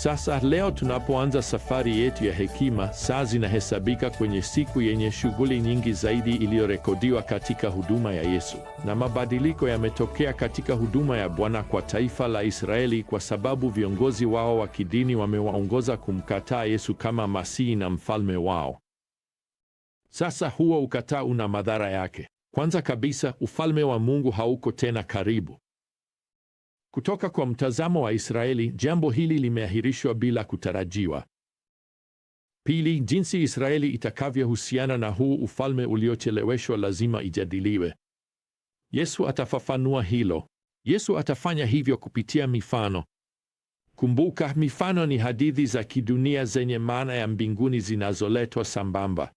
Sasa leo tunapoanza safari yetu ya hekima, saa zinahesabika kwenye siku yenye shughuli nyingi zaidi iliyorekodiwa katika huduma ya Yesu, na mabadiliko yametokea katika huduma ya Bwana kwa taifa la Israeli kwa sababu viongozi wao wa kidini wamewaongoza kumkataa Yesu kama Masihi na mfalme wao. Sasa huo ukataa una madhara yake. Kwanza kabisa, ufalme wa Mungu hauko tena karibu. Kutoka kwa mtazamo wa Israeli, jambo hili limeahirishwa bila kutarajiwa. Pili, jinsi Israeli itakavyohusiana na huu ufalme uliocheleweshwa lazima ijadiliwe. Yesu atafafanua hilo. Yesu atafanya hivyo kupitia mifano. Kumbuka, mifano ni hadithi za kidunia zenye maana ya mbinguni zinazoletwa sambamba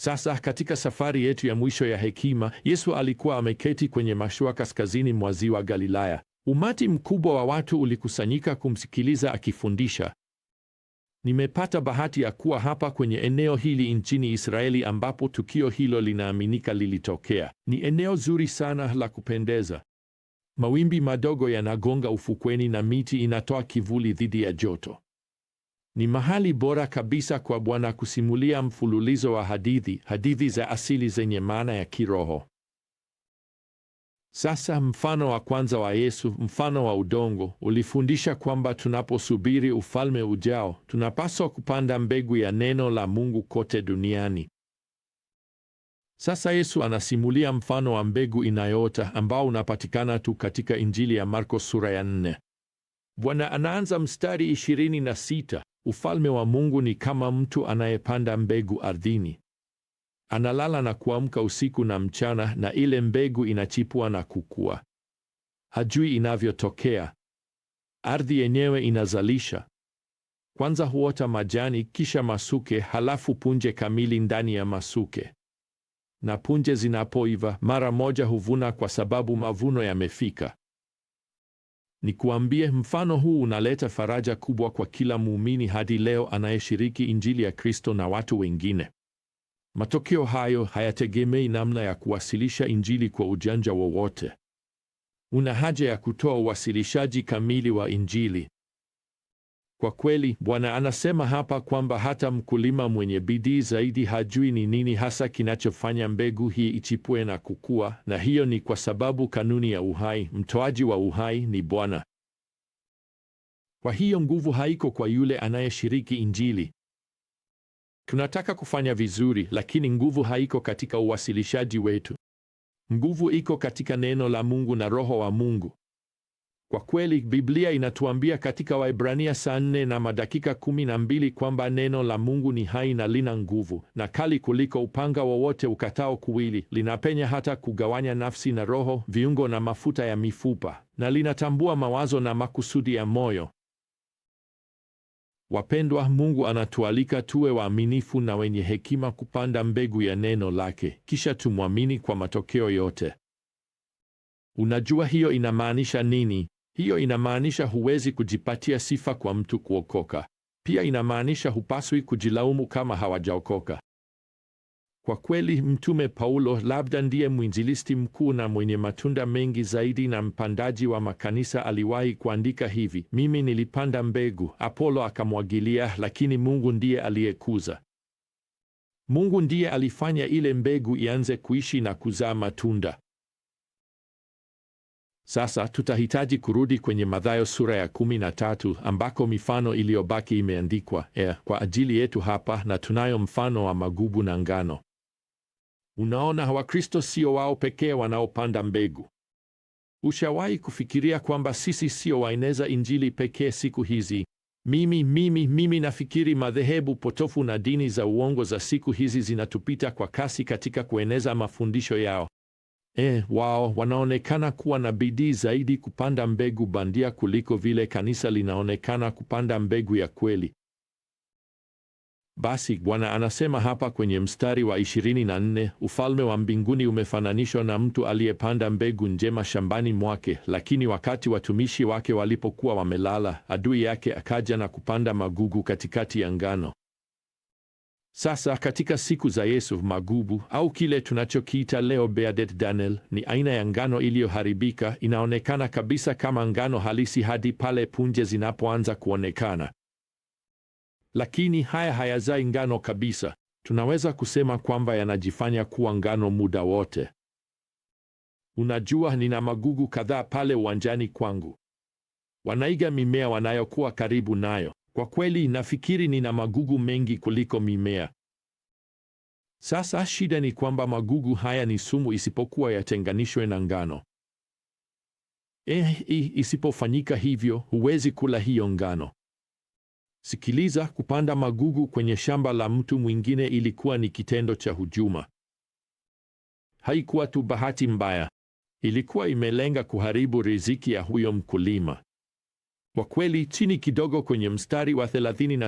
sasa katika safari yetu ya mwisho ya hekima, Yesu alikuwa ameketi kwenye mashua kaskazini mwa ziwa Galilaya. Umati mkubwa wa watu ulikusanyika kumsikiliza akifundisha. Nimepata bahati ya kuwa hapa kwenye eneo hili nchini Israeli ambapo tukio hilo linaaminika lilitokea. Ni eneo zuri sana la kupendeza. Mawimbi madogo yanagonga ufukweni na miti inatoa kivuli dhidi ya joto. Ni mahali bora kabisa kwa Bwana kusimulia mfululizo wa hadithi, hadithi za asili zenye maana ya kiroho. Sasa mfano wa kwanza wa Yesu, mfano wa udongo, ulifundisha kwamba tunaposubiri ufalme ujao, tunapaswa kupanda mbegu ya neno la Mungu kote duniani. Sasa Yesu anasimulia mfano wa mbegu inayoota ambao unapatikana tu katika Injili ya Marko sura ya 4. Bwana anaanza mstari 26. Ufalme wa Mungu ni kama mtu anayepanda mbegu ardhini. Analala na kuamka usiku na mchana, na ile mbegu inachipua na kukua. Hajui inavyotokea. Ardhi yenyewe inazalisha. Kwanza huota majani, kisha masuke, halafu punje kamili ndani ya masuke. Na punje zinapoiva, mara moja huvuna kwa sababu mavuno yamefika. Nikuambie, mfano huu unaleta faraja kubwa kwa kila muumini hadi leo anayeshiriki injili ya Kristo na watu wengine. Matokeo hayo hayategemei namna ya kuwasilisha injili kwa ujanja wowote. Una haja ya kutoa uwasilishaji kamili wa injili kwa kweli, Bwana anasema hapa kwamba hata mkulima mwenye bidii zaidi hajui ni nini hasa kinachofanya mbegu hii ichipue na kukua, na hiyo ni kwa sababu kanuni ya uhai, mtoaji wa uhai ni Bwana. Kwa hiyo nguvu haiko kwa yule anayeshiriki Injili. Tunataka kufanya vizuri, lakini nguvu haiko katika uwasilishaji wetu. Nguvu iko katika neno la Mungu na Roho wa Mungu. Kwa kweli Biblia inatuambia katika Waebrania saa nne na madakika kumi na mbili kwamba neno la Mungu ni hai na lina nguvu na kali kuliko upanga wowote ukatao kuwili, linapenya hata kugawanya nafsi na roho, viungo na mafuta ya mifupa, na linatambua mawazo na makusudi ya moyo. Wapendwa, Mungu anatualika tuwe waaminifu na wenye hekima kupanda mbegu ya neno lake, kisha tumwamini kwa matokeo yote. Unajua hiyo inamaanisha nini? Hiyo inamaanisha huwezi kujipatia sifa kwa mtu kuokoka. Pia inamaanisha hupaswi kujilaumu kama hawajaokoka. Kwa kweli, Mtume Paulo labda ndiye mwinjilisti mkuu na mwenye matunda mengi zaidi na mpandaji wa makanisa aliwahi kuandika hivi: mimi nilipanda mbegu, Apolo akamwagilia, lakini Mungu ndiye aliyekuza. Mungu ndiye alifanya ile mbegu ianze kuishi na kuzaa matunda. Sasa tutahitaji kurudi kwenye Mathayo sura ya kumi na tatu ambako mifano iliyobaki imeandikwa e, kwa ajili yetu hapa, na tunayo mfano wa magugu na ngano. Unaona, Wakristo sio wao pekee wanaopanda mbegu. Ushawahi kufikiria kwamba sisi sio waeneza injili pekee siku hizi? Mimi mimi mimi nafikiri madhehebu potofu na dini za uongo za siku hizi zinatupita kwa kasi katika kueneza mafundisho yao e, wao wanaonekana kuwa na bidii zaidi kupanda mbegu bandia kuliko vile kanisa linaonekana kupanda mbegu ya kweli. Basi Bwana anasema hapa kwenye mstari wa 24, ufalme wa mbinguni umefananishwa na mtu aliyepanda mbegu njema shambani mwake, lakini wakati watumishi wake walipokuwa wamelala, adui yake akaja na kupanda magugu katikati ya ngano. Sasa katika siku za Yesu, magubu au kile tunachokiita leo beadet Daniel ni aina ya ngano iliyoharibika. Inaonekana kabisa kama ngano halisi hadi pale punje zinapoanza kuonekana, lakini haya hayazai ngano kabisa. Tunaweza kusema kwamba yanajifanya kuwa ngano muda wote. Unajua, nina magugu kadhaa pale uwanjani kwangu, wanaiga mimea wanayokuwa karibu nayo. Kwa kweli nafikiri nina magugu mengi kuliko mimea. Sasa shida ni kwamba magugu haya ni sumu isipokuwa yatenganishwe na ngano. Eh, isipofanyika hivyo huwezi kula hiyo ngano. Sikiliza, kupanda magugu kwenye shamba la mtu mwingine ilikuwa ni kitendo cha hujuma. Haikuwa tu bahati mbaya, ilikuwa imelenga kuharibu riziki ya huyo mkulima. Kwa kweli, chini kidogo kwenye mstari wa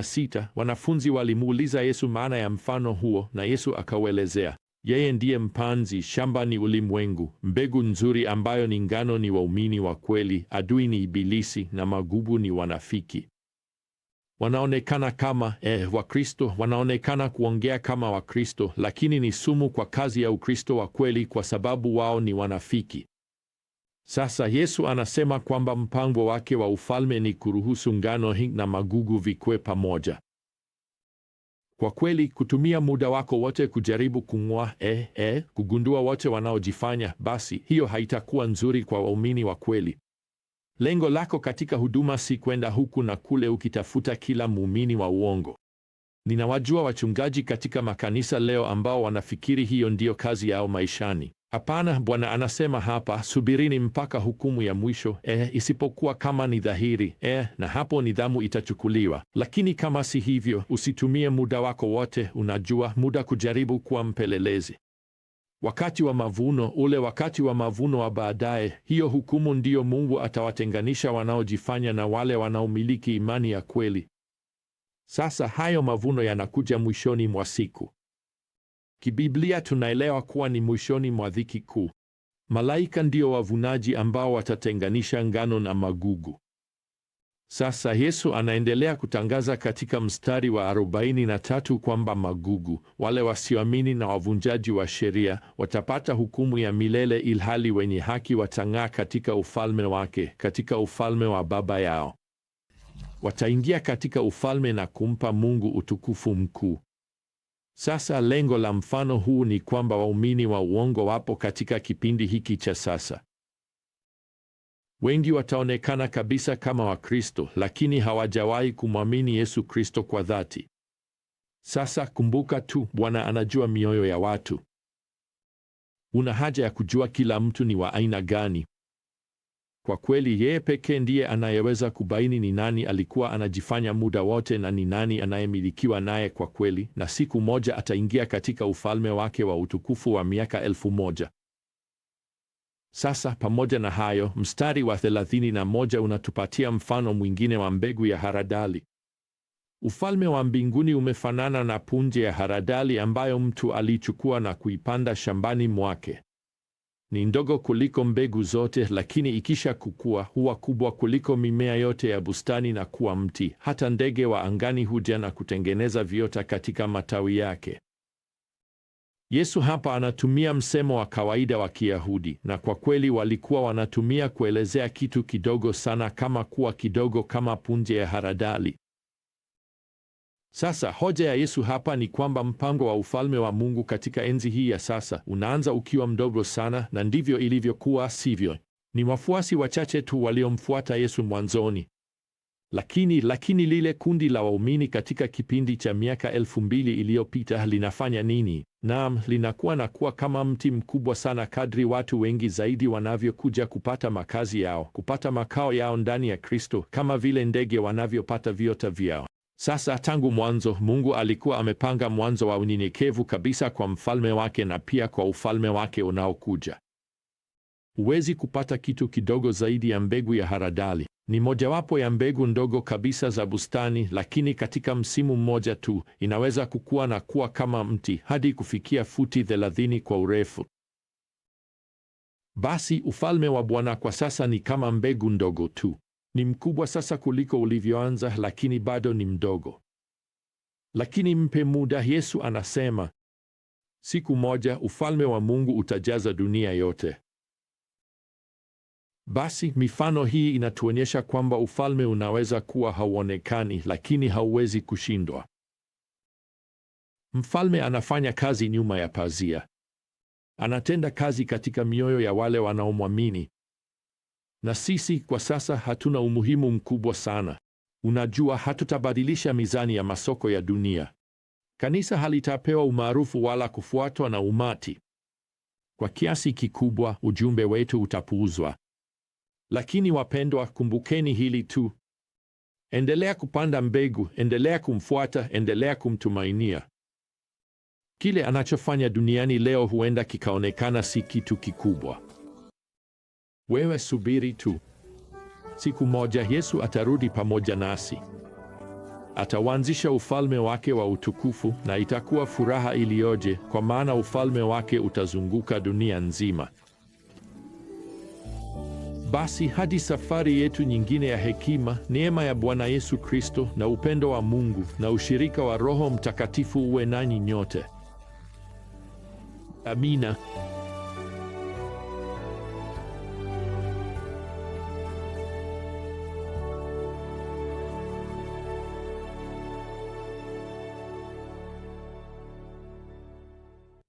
sita wanafunzi walimuuliza Yesu maana ya mfano huo, na Yesu akauelezea: yeye ndiye mpanzi, shamba ni ulimwengu, mbegu nzuri ambayo ni ngano ni waumini wa kweli, adui ni Ibilisi na magubu ni wanafiki. Wanaonekana kama eh, Wakristo, wanaonekana kuongea kama Wakristo, lakini ni sumu kwa kazi ya Ukristo wa kweli, kwa sababu wao ni wanafiki. Sasa Yesu anasema kwamba mpango wake wa ufalme ni kuruhusu ngano hii na magugu vikwe pamoja. Kwa kweli, kutumia muda wako wote kujaribu kung'oa eh, eh, kugundua wote wanaojifanya, basi hiyo haitakuwa nzuri kwa waumini wa kweli. Lengo lako katika huduma si kwenda huku na kule ukitafuta kila muumini wa uongo. Ninawajua wachungaji katika makanisa leo ambao wanafikiri hiyo ndiyo kazi yao maishani. Hapana, Bwana anasema hapa, subirini mpaka hukumu ya mwisho, eh, isipokuwa kama ni dhahiri, eh, na hapo nidhamu itachukuliwa. Lakini kama si hivyo, usitumie muda wako wote, unajua, muda kujaribu kuwa mpelelezi. Wakati wa mavuno, ule wakati wa mavuno wa baadaye, hiyo hukumu ndiyo Mungu atawatenganisha wanaojifanya na wale wanaomiliki imani ya kweli. Sasa hayo mavuno yanakuja mwishoni mwa siku. Kibiblia tunaelewa kuwa ni mwishoni mwa dhiki kuu, malaika ndio wavunaji ambao watatenganisha ngano na magugu. Sasa Yesu anaendelea kutangaza katika mstari wa 43 kwamba magugu, wale wasioamini na wavunjaji wa sheria, watapata hukumu ya milele, ilhali wenye haki watang'aa katika ufalme wake, katika ufalme wa Baba yao. Wataingia katika ufalme na kumpa Mungu utukufu mkuu. Sasa lengo la mfano huu ni kwamba waumini wa uongo wapo katika kipindi hiki cha sasa. Wengi wataonekana kabisa kama Wakristo, lakini hawajawahi kumwamini Yesu Kristo kwa dhati. Sasa kumbuka tu, Bwana anajua mioyo ya watu. Una haja ya kujua kila mtu ni wa aina gani. Kwa kweli yeye pekee ndiye anayeweza kubaini ni nani alikuwa anajifanya muda wote na ni nani anayemilikiwa naye kwa kweli, na siku moja ataingia katika ufalme wake wa utukufu wa miaka elfu moja. Sasa pamoja na hayo, mstari wa 31 unatupatia mfano mwingine wa mbegu ya haradali. Ufalme wa mbinguni umefanana na punje ya haradali ambayo mtu aliichukua na kuipanda shambani mwake. Ni ndogo kuliko mbegu zote, lakini ikisha kukua huwa kubwa kuliko mimea yote ya bustani na kuwa mti. Hata ndege wa angani huja na kutengeneza viota katika matawi yake. Yesu hapa anatumia msemo wa kawaida wa Kiyahudi, na kwa kweli walikuwa wanatumia kuelezea kitu kidogo sana, kama kuwa kidogo kama punje ya haradali. Sasa hoja ya Yesu hapa ni kwamba mpango wa ufalme wa Mungu katika enzi hii ya sasa unaanza ukiwa mdogo sana, na ndivyo ilivyokuwa, sivyo? Ni wafuasi wachache tu waliomfuata Yesu mwanzoni, lakini lakini lile kundi la waumini katika kipindi cha miaka elfu mbili iliyopita linafanya nini? Naam, linakuwa na kuwa kama mti mkubwa sana kadri watu wengi zaidi wanavyokuja kupata makazi yao, kupata makao yao ndani ya Kristo, kama vile ndege wanavyopata viota vyao. Sasa tangu mwanzo Mungu alikuwa amepanga mwanzo wa unyenyekevu kabisa kwa mfalme wake na pia kwa ufalme wake unaokuja. Huwezi kupata kitu kidogo zaidi ya mbegu ya haradali. Ni mojawapo ya mbegu ndogo kabisa za bustani, lakini katika msimu mmoja tu inaweza kukua na kuwa kama mti hadi kufikia futi thelathini kwa urefu. Basi ufalme wa Bwana kwa sasa ni kama mbegu ndogo tu ni mkubwa sasa kuliko ulivyoanza, lakini bado ni mdogo. Lakini mpe muda, Yesu anasema. Siku moja ufalme wa Mungu utajaza dunia yote. Basi mifano hii inatuonyesha kwamba ufalme unaweza kuwa hauonekani, lakini hauwezi kushindwa. Mfalme anafanya kazi nyuma ya pazia, anatenda kazi katika mioyo ya wale wanaomwamini na sisi kwa sasa hatuna umuhimu mkubwa sana. Unajua, hatutabadilisha mizani ya masoko ya dunia. Kanisa halitapewa umaarufu wala kufuatwa na umati. Kwa kiasi kikubwa ujumbe wetu utapuuzwa. Lakini wapendwa, kumbukeni hili tu: endelea kupanda mbegu, endelea kumfuata, endelea kumtumainia. Kile anachofanya duniani leo huenda kikaonekana si kitu kikubwa wewe subiri tu, siku moja Yesu atarudi pamoja nasi, atawanzisha ufalme wake wa utukufu, na itakuwa furaha iliyoje, kwa maana ufalme wake utazunguka dunia nzima. Basi hadi safari yetu nyingine ya hekima, neema ya Bwana Yesu Kristo na upendo wa Mungu na ushirika wa Roho Mtakatifu uwe nanyi nyote. Amina.